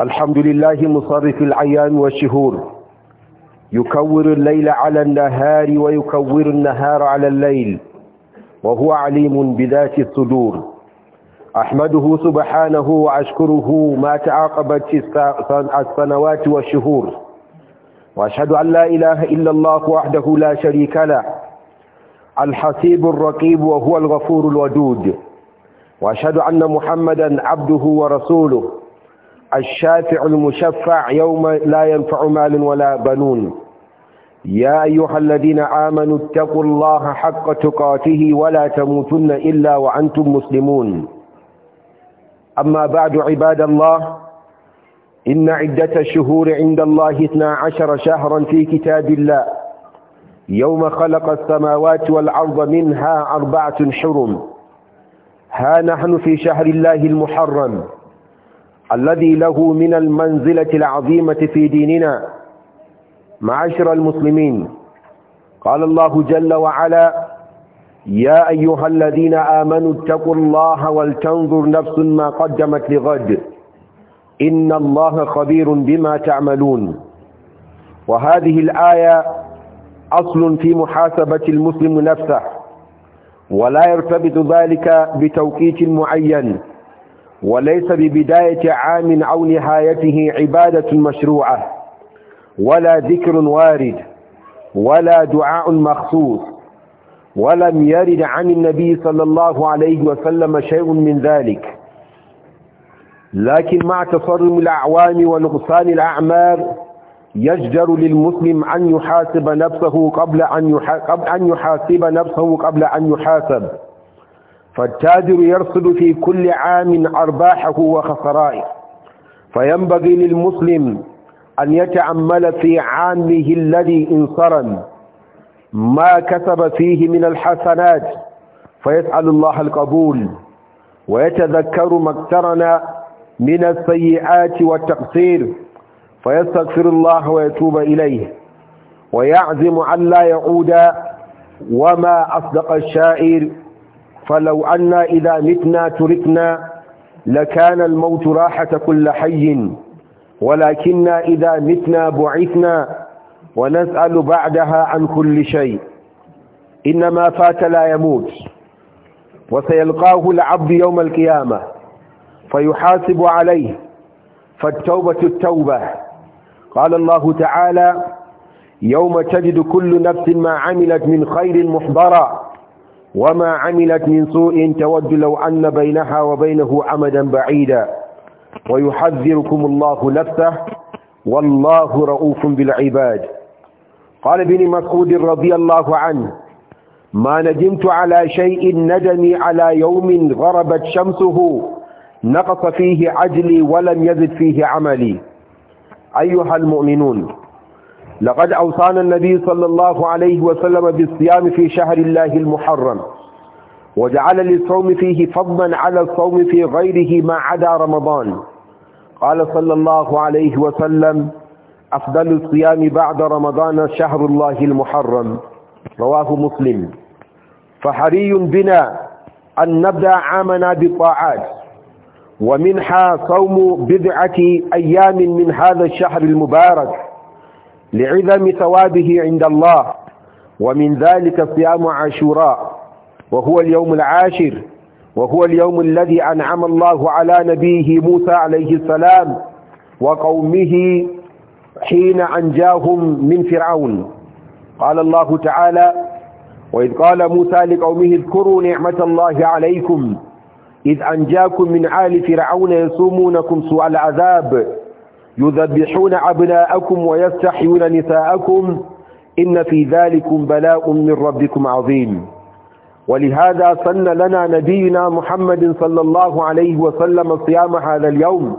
الحمد لله مصرف العيان والشهور يكور الليل على النهار ويكور النهار على الليل وهو عليم بذات الصدور أحمده سبحانه وأشكره ما تعاقبت السنوات والشهور وأشهد أن لا إله إلا الله وحده لا شريك له الحسيب الرقيب وهو الغفور الودود وأشهد أن محمدا عبده ورسوله الشافع المشفع يوم لا ينفع مال ولا بنون يا أيها الذين آمنوا اتقوا الله حق تقاته ولا تموتن إلا وأنتم مسلمون أما بعد عباد الله إن عدة الشهور عند الله اثنا عشر شهرا في كتاب الله يوم خلق السماوات والأرض منها أربعة حرم ها نحن في شهر الله المحرم الذي له من المنزلة العظيمة في ديننا معاشر المسلمين قال الله جل وعلا يا أيها الذين آمنوا اتقوا الله ولتنظر نفس ما قدمت لغد إن الله خبير بما تعملون وهذه الآية أصل في محاسبة المسلم نفسه ولا يرتبط ذلك بتوقيت معين وليس ببداية عام أو نهايته عبادة مشروعة ولا ذكر وارد ولا دعاء مخصوص ولم يرد عن النبي صلى الله عليه وسلم شيء من ذلك لكن مع تصرم الأعوام ونقصان الأعمار يجدر للمسلم أن يحاسب نفسه قبل أن يحاسب نفسه قبل أن يحاسب فالتاجر يرصد في كل عام أرباحه وخسرائه فينبغي للمسلم أن يتأمل في عامه الذي انصرم ما كسب فيه من الحسنات فيسأل الله القبول ويتذكر ما اقترن من السيئات والتقصير فيستغفر الله ويتوب إليه ويعزم أن لا يعود وما أصدق الشاعر فلو أن إذا متنا تركنا لكان الموت راحة كل حي ولكننا إذا متنا بعثنا ونسأل بعدها عن كل شيء إنما فات لا يموت وسيلقاه العبد يوم القيامة فيحاسب عليه فالتوبة التوبة قال الله تعالى يوم تجد كل نفس ما عملت من خير محضرًا وما عملت من سوء تود لو أن بينها وبينه أمدا بعيدا ويحذركم الله نفسه والله رؤوف بالعباد قال ابن مسعود رضي الله عنه ما ندمت على شيء ندمي على يوم غربت شمسه نقص فيه عجلي ولم يزد فيه عملي أيها المؤمنون لقد أوصانا النبي صلى الله عليه وسلم بالصيام في شهر الله المحرم وجعل للصوم فيه فضلا على الصوم في غيره ما عدا رمضان قال صلى الله عليه وسلم أفضل الصيام بعد رمضان شهر الله المحرم رواه مسلم فحري بنا أن نبدأ عامنا بالطاعات ومنها صوم بضعة أيام من هذا الشهر المبارك لعظم ثوابه عند الله ومن ذلك صيام عاشوراء وهو اليوم العاشر وهو اليوم الذي أنعم الله على نبيه موسى عليه السلام وقومه حين أنجاهم من فرعون قال الله تعالى وإذ قال موسى لقومه اذكروا نعمة الله عليكم إذ أنجاكم من آل فرعون يسومونكم سوء العذاب يذبحون أبناءكم ويستحيون نساءكم إن في ذلكم بلاء من ربكم عظيم ولهذا صن لنا نبينا محمد صلى الله عليه وسلم صيام هذا اليوم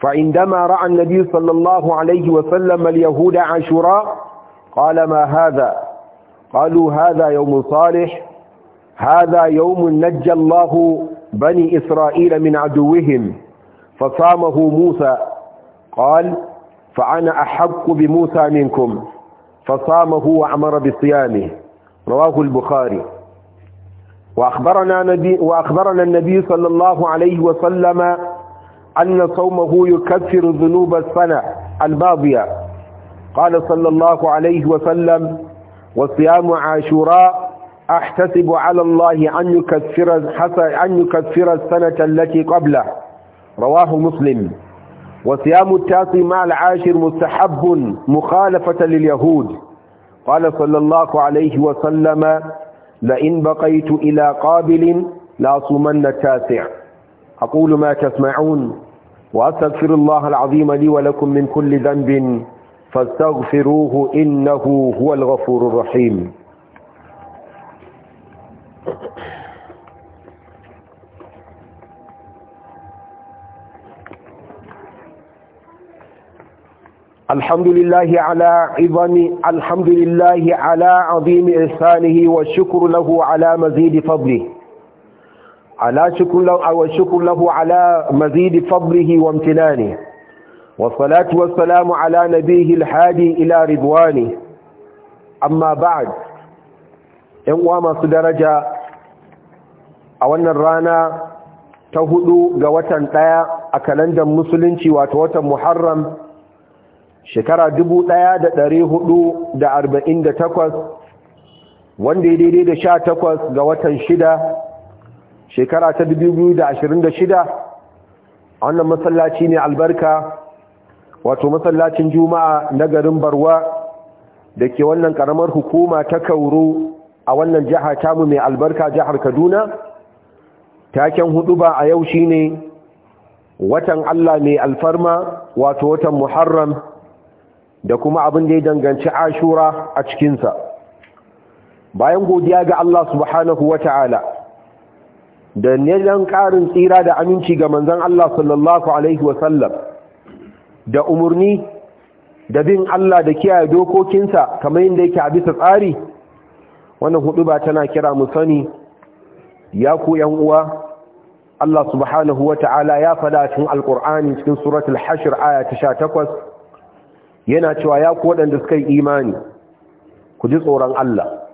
فعندما رأى النبي صلى الله عليه وسلم اليهود عاشوراء قال ما هذا قالوا هذا يوم صالح هذا يوم نجى الله بني إسرائيل من عدوهم فصامه موسى قال فأنا أحق بموسى منكم فصامه وأمر بصيامه رواه البخاري وأخبرنا, نبي وأخبرنا النبي صلى الله عليه وسلم أن صومه يكفر ذنوب السنة الماضية قال صلى الله عليه وسلم وصيام عاشوراء أحتسب على الله أن يكفر, أن يكفر السنة التي قبله رواه مسلم وصيام التاسع مع العاشر مستحب مخالفة لليهود قال صلى الله عليه وسلم لئن بقيت إلى قابل لأصومن التاسع أقول ما تسمعون وأستغفر الله العظيم لي ولكم من كل ذنب فاستغفروه إنه هو الغفور الرحيم الحمد لله على عظم الحمد لله على عظيم إحسانه والشكر له على مزيد فضله على شكر له والشكر له على مزيد فضله وامتنانه والصلاة والسلام على نبيه الحادي إلى رضوانه أما بعد إن وما masu daraja a wannan rana ta hudu ga watan ɗaya محرم shekara da 1448 wanda ya daidai da sha takwas ga watan shida shekara ta 2026 a wannan masallaci ne albarka wato masallacin juma'a na garin barwa da ke wannan karamar hukuma ta kauro a wannan jiha tamu mai albarka jihar kaduna taken hudu ba a yau shine watan allah mai alfarma wato watan muharram da kuma abin da ya danganci ashura a cikinsa bayan godiya ga Allah subhanahu wa ta'ala da neman ƙarin tsira da aminci ga manzan Allah sallallahu Alaihi wasallam da umarni da bin Allah da kiyaye dokokinsa kamar yadda yake a bisa tsari wannan hudu ba tana kira mu sani ya ku ‘yan uwa Allah subhanahu wa ta'ala ya fada cikin alƙur'ani cikin suratul hashir aya ta sha takwas yana cewa ya ku waɗanda suka yi imani ku ji tsoron Allah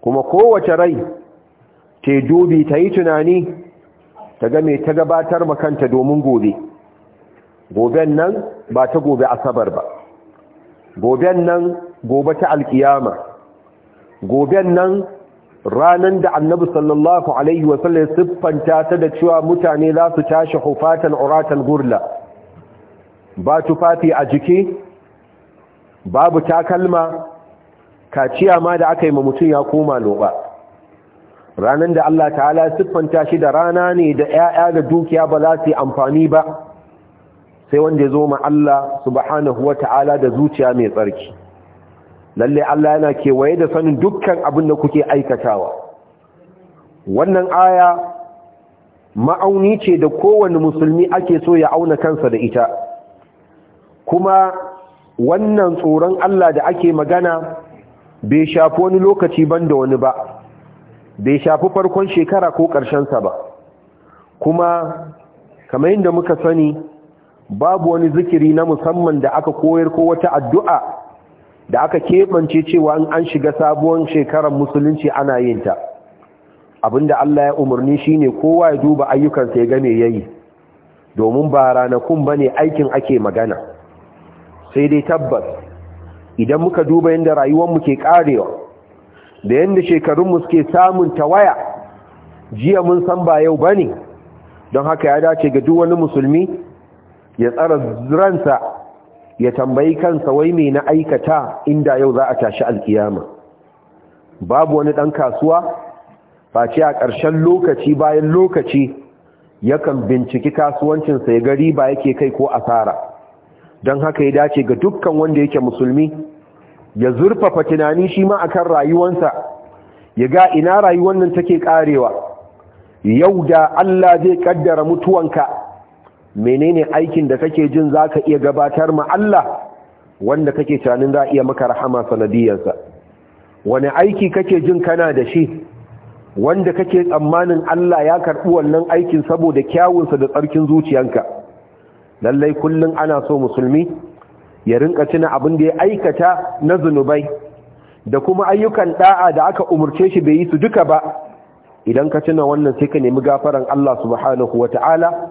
kuma kowace rai ta dubi ta yi tunani ta game ta gabatar makanta domin gobe goben nan ba ta gobe asabar ba goben nan gobe ta alkiyama goben nan ranar da annabi sallallahu alaihi wasallam siffanta ta da cewa mutane za su tashi hufatan uratan gurla ba tufafi a jiki babu takalma kaciya ma da aka yi ma mutum ya koma loba ranar da Allah ta'ala siffanta shi da rana ne da 'ya'ya da dukiya ba za su amfani ba sai wanda ya zo ma Allah subhanahu wa ta'ala da zuciya mai tsarki lalle Allah yana kewaye da sanin dukkan abin da kuke aikatawa wannan aya ma'auni ce da kowane musulmi ake so ya auna kansa da ita kuma wannan tsoron Allah da ake magana bai shafi wani lokaci ban da wani ba bai shafi farkon shekara ko ƙarshensa ba kuma kamar yadda muka sani babu wani zikiri na musamman da aka koyar ko wata addu'a da aka keɓance cewa an shiga sabuwar shekarar musulunci ana yin ta da Allah ya umarni shine kowa ya duba ayyukansa ya game yayi domin ba ranakun ba ne aikin ake magana sai dai tabbas idan muka duba yadda rayuwarmu ke karewa da yadda shekarunmu suke samun tawaya jiya mun san ba yau ba ne don haka ya dace ga duk wani musulmi ya tsara ransa ya tambayi kansa wai mai na aikata inda yau za a tashi alkiyama babu wani ɗan kasuwa face a ƙarshen lokaci bayan lokaci yakan binciki kasuwancinsa ya gari ba yake kai ko asara don haka ya dace ga dukkan wanda yake musulmi ya zurfafa tunani shi ma kan rayuwansa ya ga ina rayuwar nan take karewa yau da Allah zai kaddara mutuwanka menene aikin da kake jin zaka iya gabatar ma Allah wanda kake tunanin za iya maka rahama sanadiyarsa wani aiki kake jin kana da shi wanda kake tsammanin Allah ya karɓi wannan aikin saboda kyawunsa da tsarkin zuciyanka lallai kullum ana so musulmi ya rinka cina abin da ya aikata na zunubai da kuma ayyukan da'a da aka umurce shi bai yi su duka ba idan ka cina wannan sai ka nemi gafaran Allah subhanahu wata'ala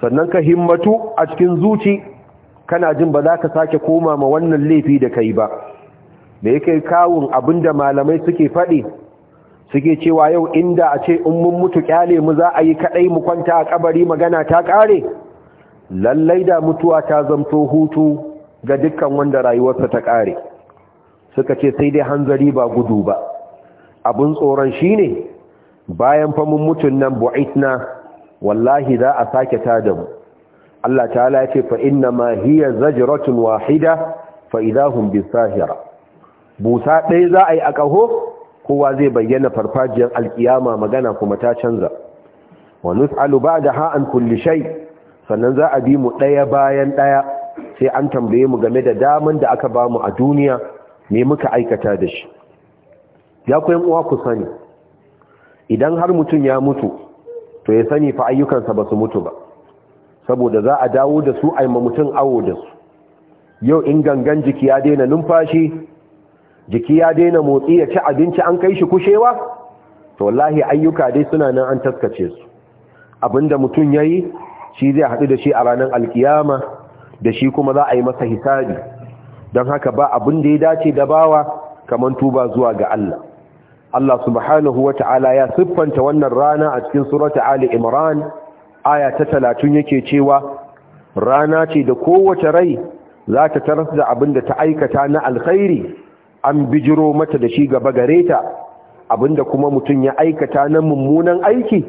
sannan ka himmatu a cikin zuci kana jin ba za ka sake koma ma wannan laifi da kai ba da yake kawun abin da malamai suke faɗi suke cewa yau inda a ce in mun mutu kyale mu za a yi kaɗai mu kwanta a kabari magana ta ƙare lallai da mutuwa ta zamto hutu ga dukkan wanda rayuwarsa ta ƙare suka ce sai dai hanzari ba gudu ba abin tsoron shi ne bayan famun mutun nan bu'itna wallahi za a sake ta da mu Allah ta'ala ya ce fa inna ma hiya zajratun wahida fa idahum bisahira busa ɗaya za a yi a kowa zai bayyana farfajiyar alkiyama magana kuma ta canza wa nus'alu ba'daha an kulli shay' sannan za a bi mu ɗaya bayan ɗaya sai an tambaye mu game da daman da aka ba mu a duniya me muka aikata da shi ya kuyan uwa ku sani idan har mutum ya mutu to ya sani fa ayyukansa ba su mutu ba saboda za a dawo da su a yi mutum awo da su yau in gangan jiki ya daina numfashi jiki ya daina motsi ya ci abinci an kai shi kushewa to wallahi ayyuka dai suna nan an taskace su abinda mutum ya yi shi zai haɗu da shi a ranar alkiyama da shi kuma za a yi masa hisabi don haka ba abin da ya dace da bawa kamar tuba zuwa ga Allah Allah subhanahu wata'ala ya siffanta wannan rana a cikin surata Ali Imran aya ta talatin yake cewa rana ce da kowace rai za ta taras da abin da ta aikata na alkhairi an bijiro mata da shi gaba gare ta abin da kuma mutum ya aikata na mummunan aiki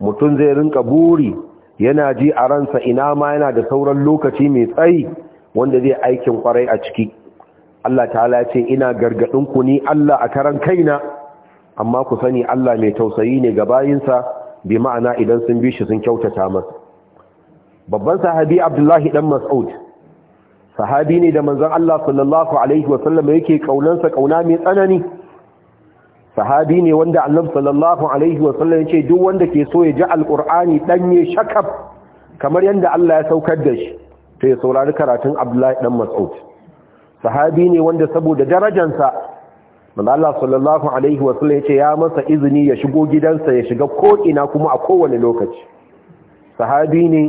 mutum zai rinka buri yana ji a ransa ina ma yana da sauran lokaci mai tsayi wanda zai aikin kwarai a ciki Allah ta'ala ce ina gargadin ku ni Allah a karan kaina amma ku sani Allah mai tausayi ne ga bayinsa bi ma'ana idan sun bi shi sun kyautata masa babban sahabi Abdullahi dan Mas'ud sahabi ne da manzon Allah sallallahu alaihi wasallam yake kaunansa kauna mai tsanani sahabi ne wanda Allah sallallahu alaihi wasallam ya ce duk wanda ke so ya ji alqur'ani danye shakaf kamar yanda Allah ya saukar da shi to ya saurari karatun Abdullahi dan Mas'ud sahabi ne wanda saboda darajarsa manzo Allah sallallahu alaihi wasallam ya ce ya masa izini ya shigo gidansa ya shiga ko ina kuma a kowane lokaci sahabi ne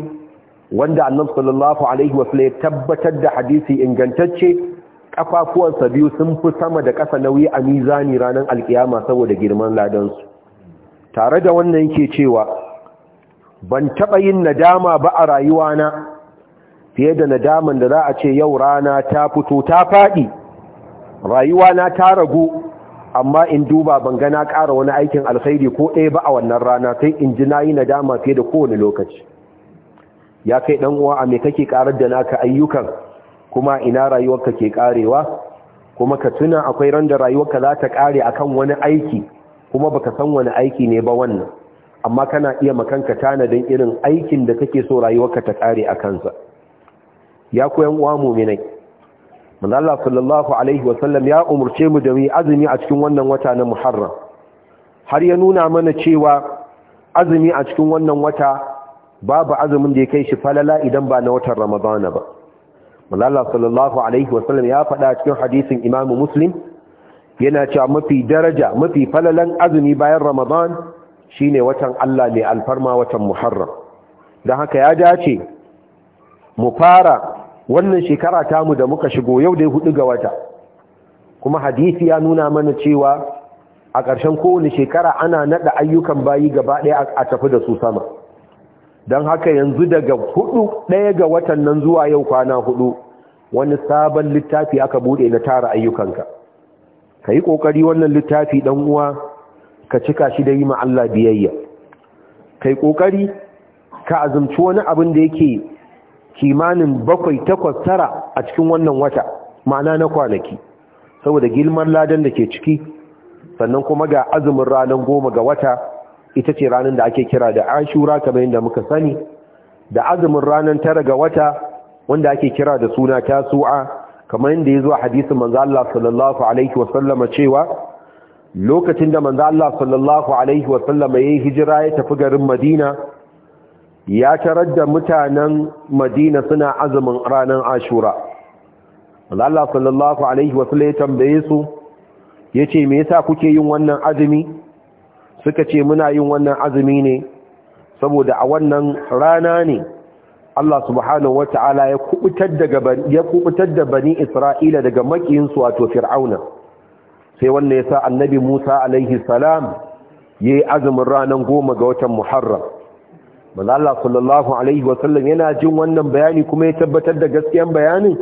wanda annabi sallallahu alaihi wasallam ya tabbatar da hadisi ingantacce kafafuwansa biyu sun fi sama da ƙasa nauyi a mizani ranar alkiyama saboda girman ladansu tare da wannan yake cewa ban taɓa yin nadama ba a rayuwana fiye da nadaman da za a ce yau rana ta fito ta faɗi rayuwana ta ragu amma in duba ban gana ƙara wani aikin alkhairi ko ɗaya ba a wannan rana sai in ji na yi nadama fiye da kowane lokaci ya kai ɗan uwa a mai kake ƙarar da naka ayyukan kuma ina rayuwarka ke karewa kuma ka tuna akwai randa rayuwarka za ta kare akan wani aiki kuma baka san wani aiki ne ba wannan amma kana iya makanka tanadin irin aikin da kake so rayuwarka ta kare a kansa ya koyan uwa mu'minai manzo Allah sallallahu alaihi sallam ya umurce mu da mu azumi a cikin wannan wata na Muharram har ya nuna mana cewa azumi a cikin wannan wata babu azumin da ya kai shi falala idan ba na watan Ramadana ba Allah sallallahu alaihi wasallam ya faɗa cikin hadisin Imam Muslim yana cewa mafi daraja mafi falalan azumi bayan Ramadan shine watan Allah mai alfarma watan Muharram dan haka ya dace mu fara wannan shekara tamu da muka shigo yau dai hudu ga wata kuma hadisi ya nuna mana cewa a ƙarshen kowane shekara ana nada ayyukan bayi gaba ɗaya a tafi da su sama don haka yanzu daga hudu ɗaya ga watan nan zuwa yau kwana hudu wani sabon littafi aka bude na tara ayyukanka ka yi ƙoƙari wannan littafi ɗan uwa ka cika shi da yi ma Allah biyayya ka yi ƙoƙari ka azumci wani abin da yake kimanin bakwai takwas tara a cikin wannan wata ma'ana na kwanaki saboda gilmar ladan da ke ciki sannan kuma ga azumin ranar goma ga wata ita ce ranar da ake kira da ashura kamar yadda muka sani da azumin ranar tara ga wata wanda ake kira da suna tasu'a kamar yadda ya zuwa hadisun hadisin manzo Allah sallallahu alaihi wasallama cewa lokacin da manzo Allah sallallahu alaihi wasallama yi hijira ya tafi garin Madina ya tarar da mutanen Madina suna azumin ranar ashura manzo Allah sallallahu alaihi wasallama ya tambaye su yace me yasa kuke yin wannan azumi suka ce muna yin wannan azumi ne saboda a wannan rana ne Allah subhanahu wata'ala ya kubutar daga ya kubutar da bani Isra'ila daga makiyinsu wato Fir'auna sai wannan yasa Annabi Musa alaihi salam yayi azumin ranan goma ga watan Muharram manzo Allah sallallahu alaihi wasallam yana jin wannan bayani kuma ya tabbatar da gaskiyan bayanin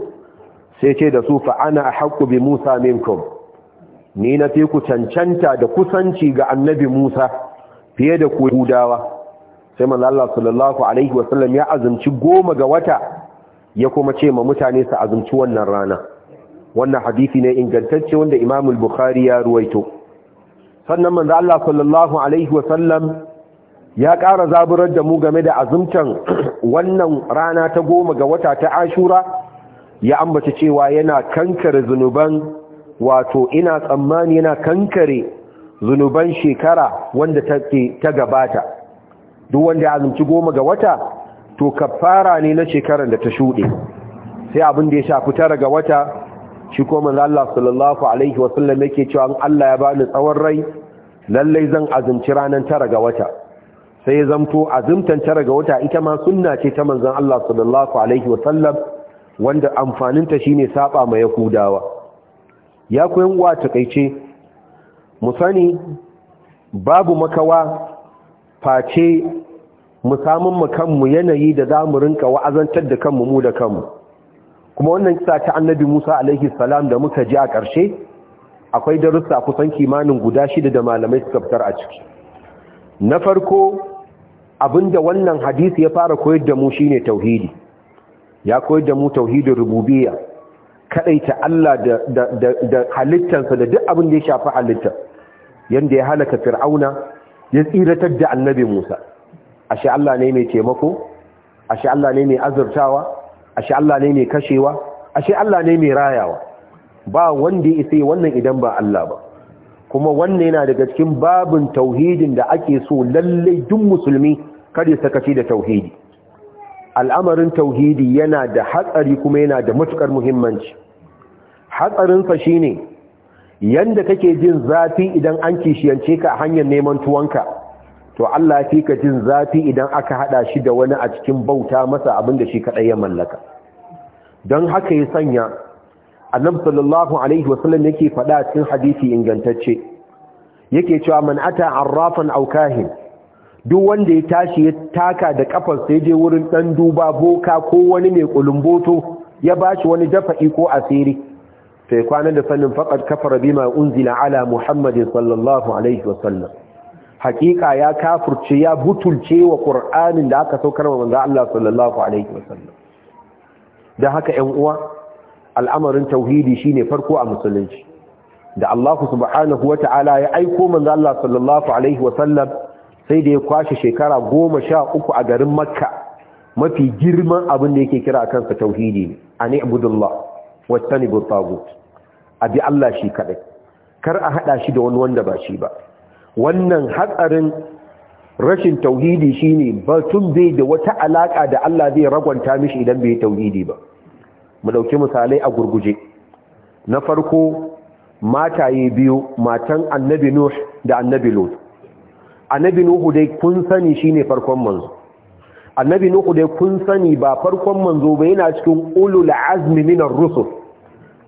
sai ce da su fa ana haqqu bi Musa minkum ni na fi ku cancanta da kusanci ga annabi Musa fiye da ku Yahudawa sai manzo Allah sallallahu alaihi wasallam ya azumci goma ga wata ya kuma ce ma mutane su azumci wannan rana wannan hadisi ne ingantacce wanda Imam al-Bukhari ya ruwaito sannan manzo Allah sallallahu alaihi wasallam ya ƙara zaburar da mu game da azumcin wannan rana ta goma ga wata ta Ashura ya ambata cewa yana kankare zunuban wato ina tsammani yana kankare zunuban shekara wanda ta gabata duk wanda ya azumci goma ga wata to kafara ne na shekarar da ta shuɗe sai abin da ya shafi tara ga wata shi ko manzo Allah sallallahu alaihi wasallam yake cewa an Allah ya bani tsawon rai lallai zan azumci ranar tara ga wata sai ya zanto azumtan tara ga wata ita ma sunna ce ta manzon Allah sallallahu alaihi wasallam wanda amfaninta shine saba ma yahudawa ya koyan uwa takaice mu sani babu makawa face mu samun mu kanmu yanayi da za mu rinka wa'azantar da kanmu mu da kanmu kuma wannan kisa ta annabi Musa alaihi salam da muka ji a ƙarshe akwai darussa kusan kimanin guda shida da malamai suka fitar a ciki na farko abinda wannan hadisi ya fara koyar da mu shine tauhidi ya koyar da mu tauhidin rububiyya kadaita Allah da halittansa halittarsa da duk abin da ya shafi halitta yanda ya halaka fir'auna ya tsiratar da annabi Musa ashe Allah ne mai taimako ashe Allah ne mai azurtawa ashe Allah ne mai kashewa ashe Allah ne mai rayawa ba wanda ya sai wannan idan ba Allah ba kuma wannan yana daga cikin babin tauhidin da ake so lallai duk musulmi kada ya sakaci da tauhidi al'amarin tauhidi yana da hatsari kuma yana da matukar muhimmanci hatsarinsa shine yanda kake jin zafi idan an kishiyance ka hanyar neman tuwanka to Allah fi ka jin zafi idan aka hada shi da wani a cikin bauta masa abin da shi kadai ya mallaka don haka ya sanya annabi sallallahu alaihi wasallam yake faɗa cikin hadisi ingantacce yake cewa man ata arrafan aw kahin duk wanda ya tashi ya taka da kafar sai je wurin dan duba boka ko wani mai kulumboto ya bashi wani dafa'i ko asiri Sai kwana da sanin faqad kafara bima unzila ala muhammadin sallallahu alaihi wasallam hakika ya kafurce ya butulce wa qur'anin da aka saukar wa manzo Allah sallallahu alaihi wasallam haka 'yan uwa al'amarin tauhidi shine farko a musulunci da Allah subhanahu ta'ala ya aiko Manza Allah sallallahu alaihi wasallam sai da ya kwashe shekara goma sha uku a garin makka mafi girman abin da yake kira kansa tauhidi ne an ibudullah wastanibu tagut a bi Allah shi kaɗai kar a haɗa shi da wani wanda ba shi ba wannan hatsarin rashin tauhidi ba tun zai da wata alaƙa da Allah zai ragwanta mishi idan bai tauhidi ba mu ɗauki misalai a gurguje na farko mataye biyu matan annabi nuh da annabi Lot. annabi Nuhu dai kun sani ne farkon manzo annabi nuhu dai kun sani ba farkon manzo ba yana cikin ulul azmi minar rusul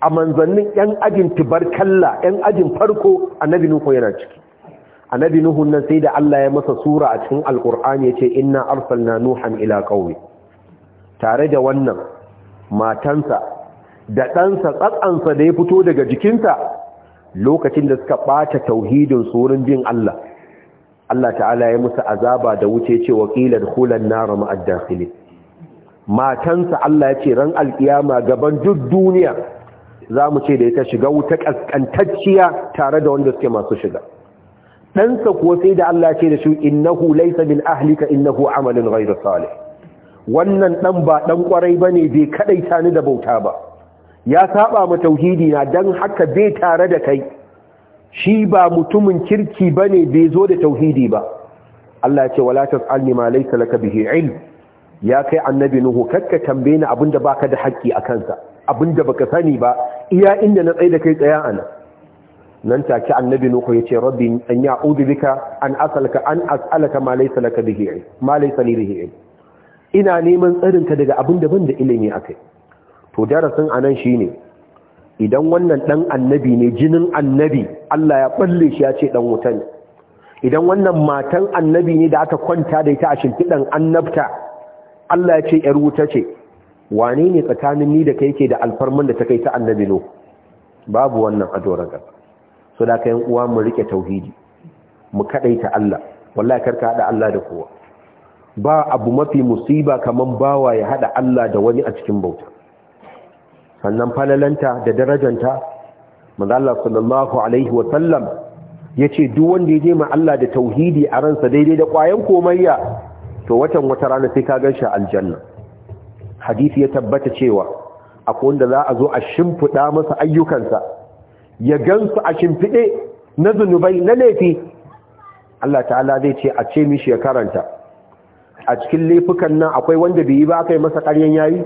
a manzannin yan ajin tubarkalla yan ajin farko annabi nuhu yana ciki annabi nuhu nan sai da Allah ya masa sura a cikin alkur'ani ce, inna na nuhan ila ƙauye. tare da wannan matansa da ɗansa tsatsansa da ya fito daga jikinta lokacin da suka ɓata tauhidin tsorin bin Allah Allah ta'ala ya musu azaba da wuce ce wakilar hulan nara matansa Allah ya ce ran alƙiyama gaban duk duniya za mu ce da ita shiga wuta ƙasƙantacciya tare da wanda suke masu shiga ɗansa kuwa sai da Allah ce da shi innahu laisa min ahlika innahu amalin ghairu salih wannan ɗan ba ɗan ƙwarai bane bai kaɗaita ni da bauta ba ya saba ma tauhidi na dan haka bai tare da kai shi ba mutumin kirki bane bai zo da tauhidi ba Allah ce wala tas'alni ma laysa laka bihi ilm ya kai annabi nuhu kakka tambaye ni abinda baka da haƙƙi a kansa abinda baka sani ba iya inda na tsaye da kai tsaya a nan take annabi nuhu yace rabbi an ya'udu bika an asalka an as'alaka ma laysa laka bihi ma laysa li bihi ina neman tsarin ka daga abin da ban da ilimi akai to darasin anan shine idan wannan dan annabi ne jinin annabi Allah ya balle shi ya ce dan wuta ne idan wannan matan annabi ne da aka kwanta da ita a shimfidan annabta Allah ya ce yar wuta ce wane ne tsakanin ni da kai ke da alfarman da ta kai ta annabi no babu wannan a doron ƙasa so da kayan uwa mu rike tauhidi mu kadaita Allah wallahi karka hada Allah da kowa ba abu mafi musiba kaman bawa ya hada Allah da wani a cikin bauta sannan falalanta da darajanta manzo Allah sallallahu alaihi wa sallam yace duk wanda ya je ma Allah da tauhidi a ransa daidai da kwayan komayya to watan wata rana sai ka ganshi aljanna hadisi ya tabbata cewa akwai wanda za a zo a shimfiɗa masa ayyukansa ya gansu a shimfiɗe na zunubai na laifi Allah ta'ala zai ce a ce mishi ya karanta a cikin laifukan nan akwai wanda bai yi ba aka masa ƙaryen yayi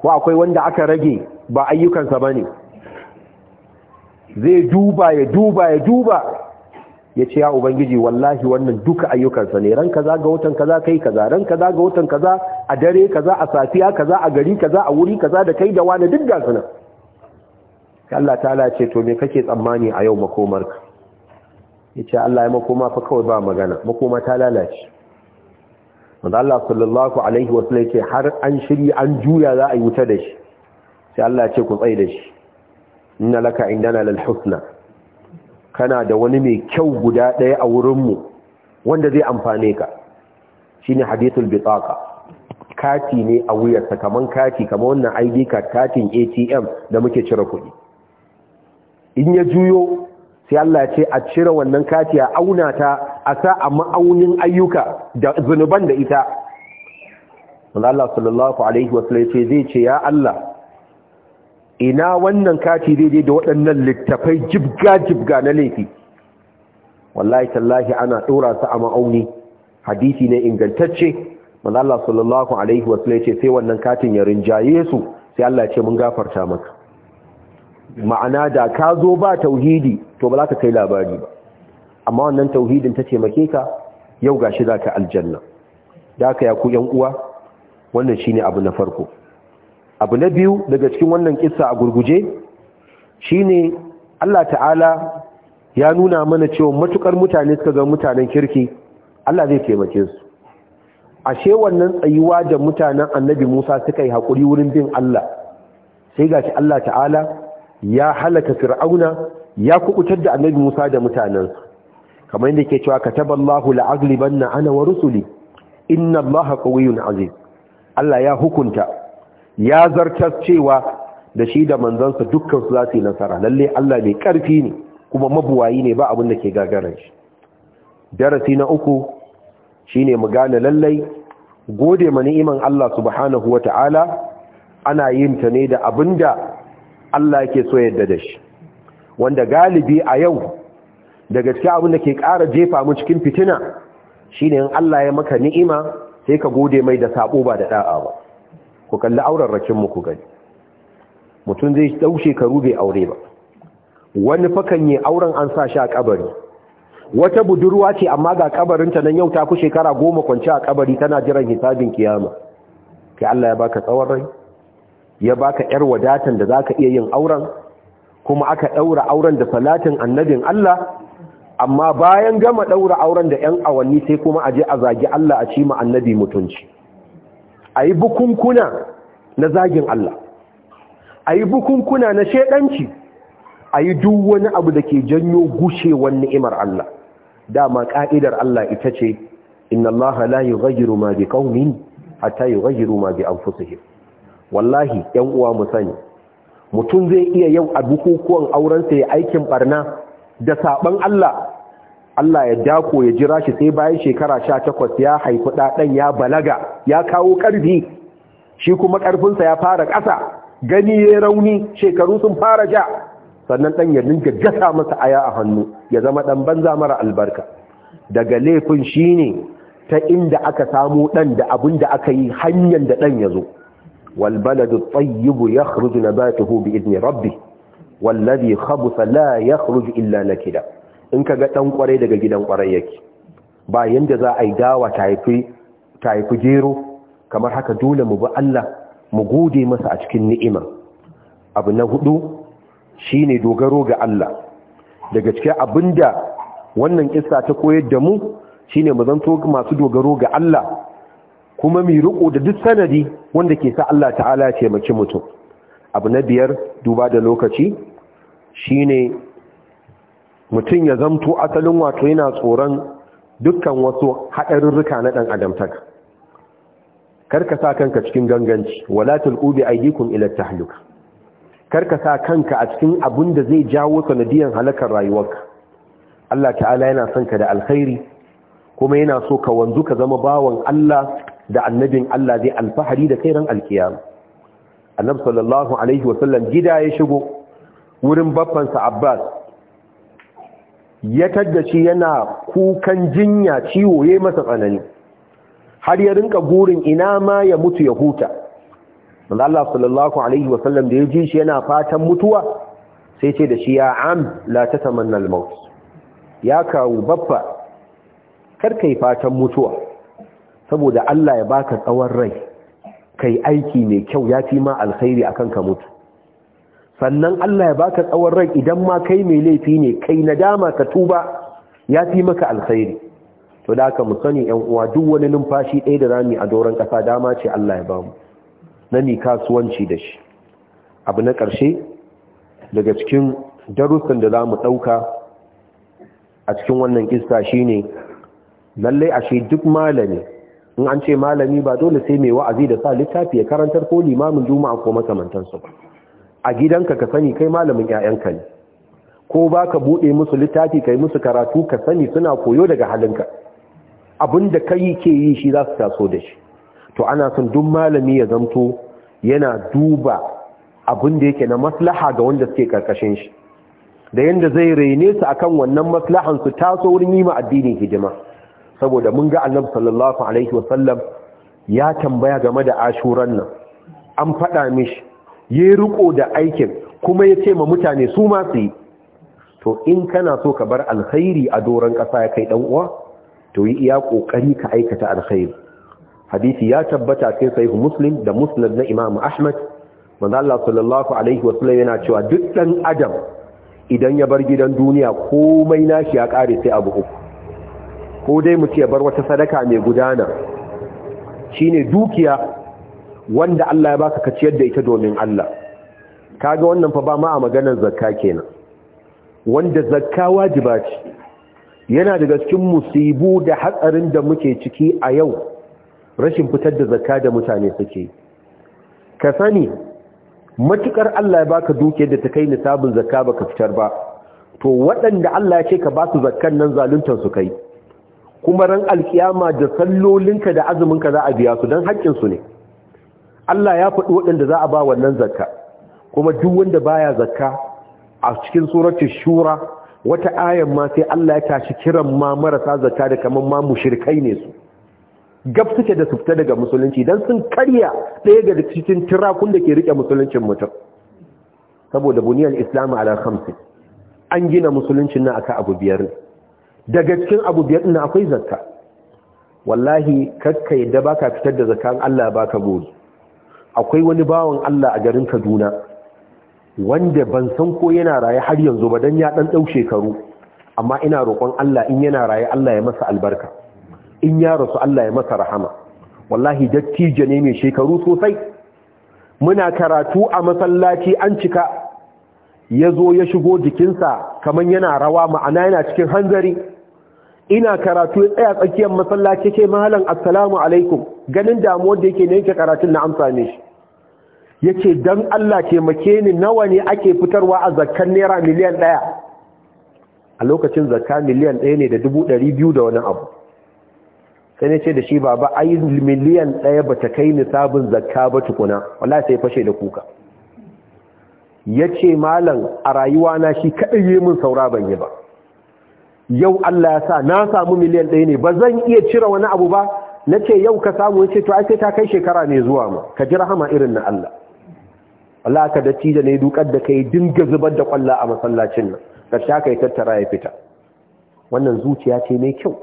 ko akwai wanda aka rage ba ayyukansa ba ne zai duba ya duba ya duba ya ce ya ubangiji wallahi wannan duka ayyukansa ne ran kaza ga watan kaza kai kaza ran kaza ga watan kaza a dare kaza a safiya kaza a gari kaza a wuri kaza da kai da wani duk gasu sunan Allah ta'ala ce to me kake tsammani a yau makomarka ce Allah ya makoma fa kawai ba magana makoma ta lalace wanda Allah sallallahu alaihi sallam ce har an shiri an juya za a yi wuta da shi sai Allah ya ce ku tsaye da shi inna laka indana lal husna kana da wani mai kyau guda ɗaya a wurinmu wanda zai amfane ka shi ne hadithul bitaka kati ne a wuyarsa kamar kati kamar wannan id card katin atm da muke cire kuɗi in ya juyo sai Allah ce a cire wannan kati a auna ta a sa a ma'aunin ayyuka da zunuban da ita Allah sallallahu alaihi wasallam ce zai ce ya Allah ina wannan kati daidai da waɗannan littafai jibga-jibga na laifi wallahi tallahi ana ɗora su a ma'auni hadisi ne ingantacce wanda Allah sallallahu alaihi wasallam ce sai wannan katin ya rinjaye su sai Allah ce mun gafarta maka ma'ana da ka zo ba tauhidi to ba za ka kai labari ba amma wannan tauhidin ta taimake ka yau gashi za ka aljanna da ka yan uwa wannan shine abu na farko abu na biyu daga cikin wannan kisa a gurguje shine Allah ta'ala ya nuna mana cewa matukar mutane suka ga mutanen kirki Allah zai taimake su ashe wannan tsayuwa da mutanen annabi Musa suka yi hakuri wurin bin Allah sai gashi Allah ta'ala ya halaka fir'auna ya kubutar da annabi Musa da mutanensu. kamar yadda ke cewa kataballahu la'aglibanna ana wa rusuli inna allaha qawiyyun aziz Allah ya hukunta ya zartar cewa da shi da manzansa dukkan su za su yi nasara lalle Allah mai ƙarfi ne kuma mabuwayi ne ba abin da ke gagarar shi darasi na uku shine mu gane lallai gode ma ni'iman Allah subhanahu ta'ala ana yin ta ne da abinda Allah yake so yadda da shi wanda galibi a yau daga cikin abin da ke ƙara jefa mu cikin fitina shine in Allah ya maka ni'ima sai ka gode mai da saɓo ba da da'a ba ku kalli auren rakin mu ku gani mutum zai dau shekaru bai aure ba wani fakan yi auren an sa shi a kabari wata budurwa ce amma ga kabarinta nan yau ta ku shekara goma kwanci a kabari tana jiran hisabin kiyama kai Allah ya baka tsawon rai ya baka yar wadatan da zaka iya yin auren kuma aka daura auren da salatin annabin Allah amma bayan gama daura auren da yan awanni sai kuma aje a zagi Allah a ci ma annabi mutunci a yi bukunkuna na zagin Allah a yi bukunkuna na shaidanci a yi duk wani abu da ke janyo gushewar ni'imar Allah dama ka'idar Allah ita ce inna Allah la yughayyiru ma biqaumin hatta yughayyiru ma bi anfusihim wallahi yan uwa mu sani mutum zai iya yau a bukukuwan auren sa ya aikin barna da saban Allah Allah ya dako ya jira shi sai bayan shekara sha takwas ya haifi ɗaɗan ya balaga ya kawo ƙarfi shi kuma ƙarfinsa ya fara ƙasa gani ya rauni shekaru sun fara ja sannan ɗan ya dinga gasa masa aya a hannu ya zama ɗan banza mara albarka daga laifin shi ne ta inda aka samu ɗan da abin da aka yi hanyar da ɗan ya zo walbaladu tsayyibu ya khruju na ba ta hobi idin rabbi wallazi khabusa la ya khruju illa na kida in ka ga ɗan ƙwarai daga gidan ƙwarai yake ba yadda za a yi dawa ta haifi gero kamar haka dole mu bi Allah mu gode masa a cikin ni'ima abu na hudu shi ne dogaro ga Allah daga cikin abin da wannan kissa ta koyar da mu shi ne mu masu dogaro ga Allah kuma mai riko da duk sanadi wanda ke sa Allah ta'ala ya taimaki mutum abu na biyar duba da lokaci shi ne mutum ya zamto asalin wato yana tsoron dukkan wasu haɗarin rika na ɗan adamtaka karka sa kanka cikin ganganci wala tulqubi aydikum ila tahluka karka sa kanka a cikin abin da zai jawo sanadiyyan halakar rayuwarka Allah ta'ala yana son ka da alkhairi kuma yana so ka wanzu ka zama bawan Allah da annabin Allah zai alfahari da kairan alkiyar. annabi sallallahu alaihi wasallam gida ya shigo wurin babban sa Abbas ya taddace yana kukan jinya ciwo ya masa tsanani har ya rinka gurin ina ma ya mutu ya huta Allah sallallahu alaihi wasallam da ya ji shi yana fatan mutuwa sai ce da shi ya am la tatamanna al-maut ya kawo babba yi fatan mutuwa saboda Allah ya baka tsawon rai kai aiki mai kyau ya fi ma alkhairi akan ka mutu sannan Allah ya baka tsawon rai idan ma kai mai laifi ne kai nadama ka tuba ya fi maka alkhairi to da aka mu sani yan uwa duk wani numfashi ɗaya da rami a doron ƙasa dama ce Allah ya bamu na mi kasuwanci da shi abu na ƙarshe daga cikin darussan da za mu ɗauka a cikin wannan kista ne, lallai ashe duk malami in an ce malami ba dole sai mai wa'azi da sa littafi ya karantar ko limamin juma'a ko makamantansu ba a gidanka ka sani kai malamin 'ya'yanka ne ko ba ka buɗe musu littafi kai musu karatu ka sani suna koyo daga halinka da ka yi ke yi shi za su taso da shi to ana son duk malami ya zamto yana duba da yake na maslaha ga wanda suke karkashin shi da yadda zai raine su akan wannan maslahan su taso wurin yi ma addinin hidima saboda mun ga annabi sallallahu alaihi wasallam ya tambaya game da ashuran nan an faɗa mishi ya yi riko da aikin kuma ya ce ma mutane su ma yi to in kana so ka bar alkhairi a doron ƙasa ya kai ɗan uwa to yi iya ƙoƙari ka aikata alkhairi hadisi ya tabbata cikin sahihu muslim da musnad na imam ahmad manzo Allah sallallahu alaihi wasallam yana cewa duk ɗan adam idan ya bar gidan duniya komai nashi ya kare sai abu uku ko dai mutu ya bar wata sadaka mai gudana shine dukiya wanda Allah ya baka ka ciyar da ita domin Allah kaga wannan fa ba ma a maganar zakka kenan wanda zakka wajiba ce yana daga cikin musibu da hatsarin da muke ciki a yau rashin fitar da zakka da mutane suke ka sani matukar Allah ya baka dukiyar da ta kai nisabin zakka baka fitar ba to waɗanda Allah ya ce ka ba su zakkan nan zaluntar su kai kuma ran alkiyama da sallolinka da azuminka za a biya su don su ne Allah ya faɗi waɗanda za a ba wannan zakka kuma duk wanda baya zakka a cikin suratul shura wata ayan ma sai Allah ya tashi kiran ma marasa zakka da kaman ma mushrikai ne su gab da su fita daga musulunci dan sun karya daya daga cikin tirakun da ke rike musuluncin mutum saboda buniyar islam ala khamsi an gina musuluncin na aka abu biyar daga cikin abu biyar din akwai zakka wallahi kakkai yadda baka fitar da zakkan Allah baka gobe akwai wani bawan Allah a garin Kaduna wanda ban san ko yana raye har yanzu ba dan ya dan dau shekaru amma ina roƙon Allah in yana raye Allah ya masa albarka in ya rasu Allah ya masa rahama wallahi dattijo ne mai shekaru sosai muna karatu a masallaci an cika ya zo ya shigo jikinsa kamar yana rawa ma'ana yana cikin hanzari ina karatu ya tsaya tsakiyar masallaci ce mahalan assalamu alaikum ganin damuwar da yake ne yake karatun na amsa ne shi ya ce don Allah taimake ni nawa ne ake fitarwa a zakkan naira miliyan ɗaya a lokacin zakka miliyan ɗaya ne da dubu ɗari biyu da wani abu sai ne ce da shi baba ai miliyan ɗaya ba ta kai nisabin zakka ba tukuna wala sai fashe da kuka ya ce malam a rayuwa na shi kaɗai yi min saura ban yi ba yau Allah ya sa na samu miliyan ɗaya ne ba zan iya cire wani abu ba na ce yau ka samu ya ce to ai ta kai shekara ne zuwa ma ka ji rahama irin na Allah Allah ka dattijo ne dukar da kai dinga zubar da kwalla a masallacin nan ka sha ya tattara ya fita wannan zuciya ce mai kyau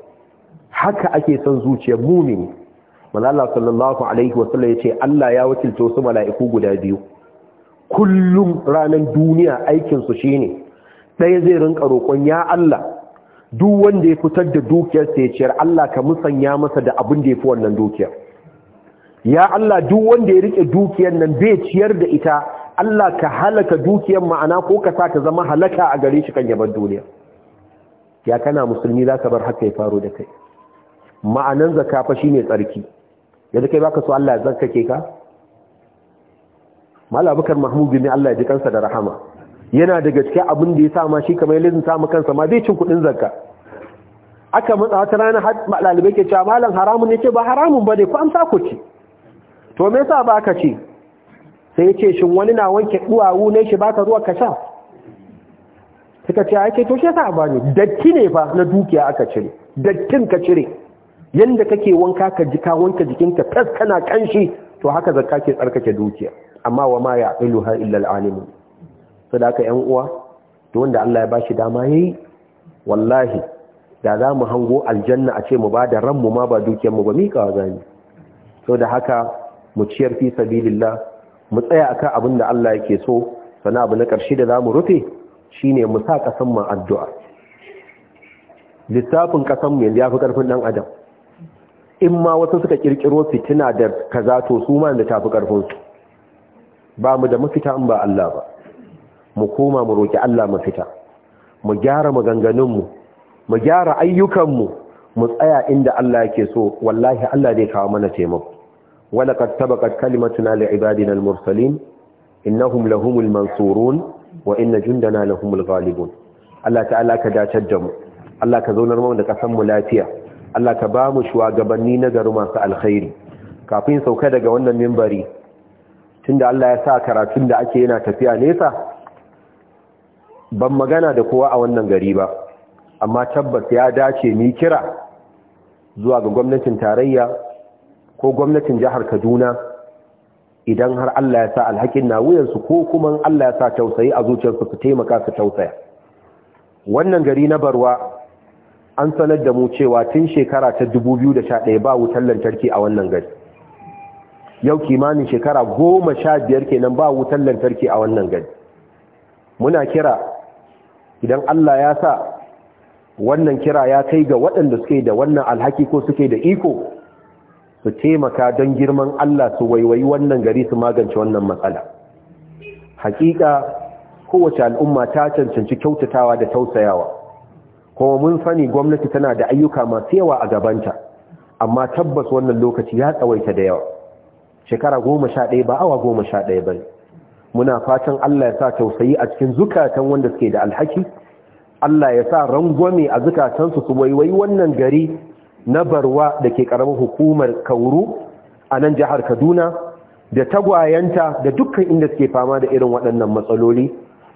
haka ake son zuciyar mumini Allah sallallahu alaihi wasallam ya ce Allah ya wakilto wasu mala'iku guda biyu kullum ranar duniya aikin su shine ɗaya zai rinka roƙon ya Allah duk wanda ya fitar da dukiyarsa ya ciyar Allah ka musanya masa da abin da ya fi wannan dukiyar ya Allah duk wanda ya rike dukiyar nan bai ciyar da ita Allah ka halaka dukiyar ma'ana ko ka sa ta zama halaka a gare shi kan yaban duniya ya kana musulmi za ka bar haka ya faro da kai ma'anan zaka fa shine tsarki yanzu kai baka so Allah ya ke ka Malam bakar Mahmud ne Allah ya ji kansa da rahama yana daga cikin abin da ya sa ma shi kamar lazin samu kansa ma zai cin kudin zakka aka matsa ta rana har ɗalibai ke cewa malam haramun ne ce ba haramun ba ne ku amsa ku ci to me yasa baka ce sai ce shin wani na wanke duwawu ne shi baka ruwa ka sha suka ce ake to shi yasa bani datti ne fa na dukiya aka cire dattin ka cire yanda kake wanka ka jika wanka jikinka tas kana kanshi to haka zakka ke tsarkake dukiya amma wa ma har illa al da sadaka yan uwa to wanda Allah ya bashi dama yayi wallahi da za mu hango aljanna a ce mu ba da ranmu ma ba mu ba mika wa mu so da haka mu ciyar fi sabilillah mu tsaya akan abin da Allah yake so sana abu na ƙarshe da zamu rufe shine mu sa kasan mu addu'a lissafin kasan mu yanzu yafi karfin dan adam in ma wasu suka kirkiro fitina da kaza to su ma da tafi karfin su ba mu da mafita in ba Allah ba mu koma mu roki Allah mafita mu gyara maganganun mu mu gyara ayyukan mu mu tsaya inda Allah yake so wallahi Allah zai kawo mana taimako ولقد سبقت كلمتنا لعبادنا المرسلين إنهم لهم المنصورون وإن جندنا لهم الغالبون الله تعالى كدا تجمع الله كذون رمونا لك أسمو لاتيا الله كبامش واقبني نقر ما سأل خيري كافين سو كدا قوانا منبري تند الله يساكرا تند أكينا تفيا نيسا ban magana da kowa a wannan gari ba amma tabbas ya dace zuwa ga gwamnatin tarayya ko gwamnatin jihar kaduna idan har allah ya sa alhakin na wuyansu ko kuma allah ya sa tausayi a zuciyarsu su taimaka su tausaya wannan gari na barwa an sanar da mu cewa tun shekara ta 2011 ba wutar lantarki a wannan gari yau kimanin shekara goma sha biyar kenan ba wutar lantarki a wannan gari muna kira idan allah ya sa wannan kira ya kai ga waɗanda suke da wannan alhaki ko suke da iko su taimaka don girman Allah su waiwayi wannan gari su magance wannan matsala hakika kowace al'umma ta cancanci kyautatawa da tausayawa kuma mun sani gwamnati tana da ayyuka masu yawa a gabanta amma tabbas wannan lokaci ya tsawaita da yawa shekara goma sha ɗaya ba awa goma sha ɗaya bane. muna fatan Allah ya sa tausayi a cikin zukatan wanda suke da alhaki Allah ya sa rangwame a zukatansu su waiwai wannan gari na barwa da ke ƙaramin hukumar kauru a nan jihar kaduna da tagwayenta da dukkan inda suke fama da irin waɗannan matsaloli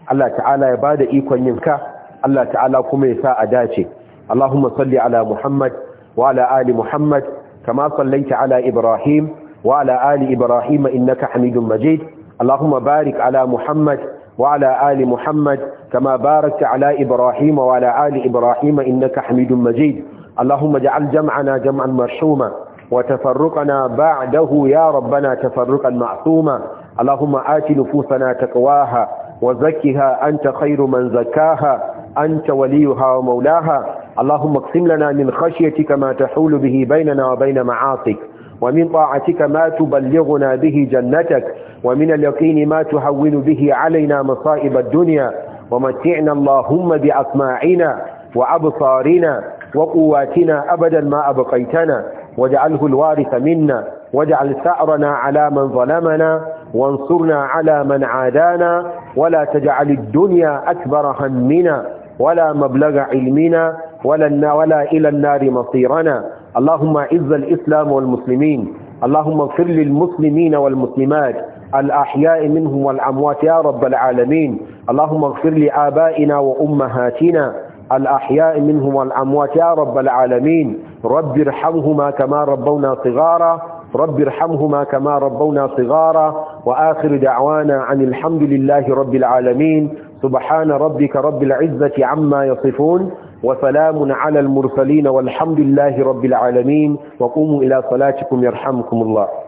Allah ta'ala ya ba da ikon ka Allah ta'ala kuma ya sa a dace Allahumma salli ala Muhammad wa ala ali Muhammad kama sallaita ala Ibrahim wa ala ali Ibrahim innaka Hamidum Majid Allahumma barik ala Muhammad wa ala ali Muhammad kama barakta ala Ibrahim wa ala ali Ibrahim innaka Hamidum Majid اللهم اجعل جمعنا جمعا مرحوما وتفرقنا بعده يا ربنا تفرقا معصوما اللهم آت نفوسنا تقواها وزكها أنت خير من زكاها أنت وليها ومولاها اللهم اقسم لنا من خشيتك ما تحول به بيننا وبين معاصيك ومن طاعتك ما تبلغنا به جنتك ومن اليقين ما تهون به علينا مصائب الدنيا ومتعنا اللهم بأسماعنا وأبصارنا وقواتنا أبدا ما أبقيتنا واجعله الوارث منا واجعل ثأرنا على من ظلمنا وانصرنا على من عادانا ولا تجعل الدنيا أكبر همنا ولا مبلغ علمنا ولا, ولا إلى النار مصيرنا اللهم عز الإسلام والمسلمين اللهم اغفر للمسلمين والمسلمات الأحياء منهم والأموات يا رب العالمين اللهم اغفر لآبائنا وأمهاتنا الأحياء منهم والأموات يا رب العالمين رب ارحمهما كما ربونا صغارا رب ارحمهما كما ربونا صغارا وآخر دعوانا عن الحمد لله رب العالمين سبحان ربك رب العزة عما يصفون وسلام على المرسلين والحمد لله رب العالمين وقوموا إلى صلاتكم يرحمكم الله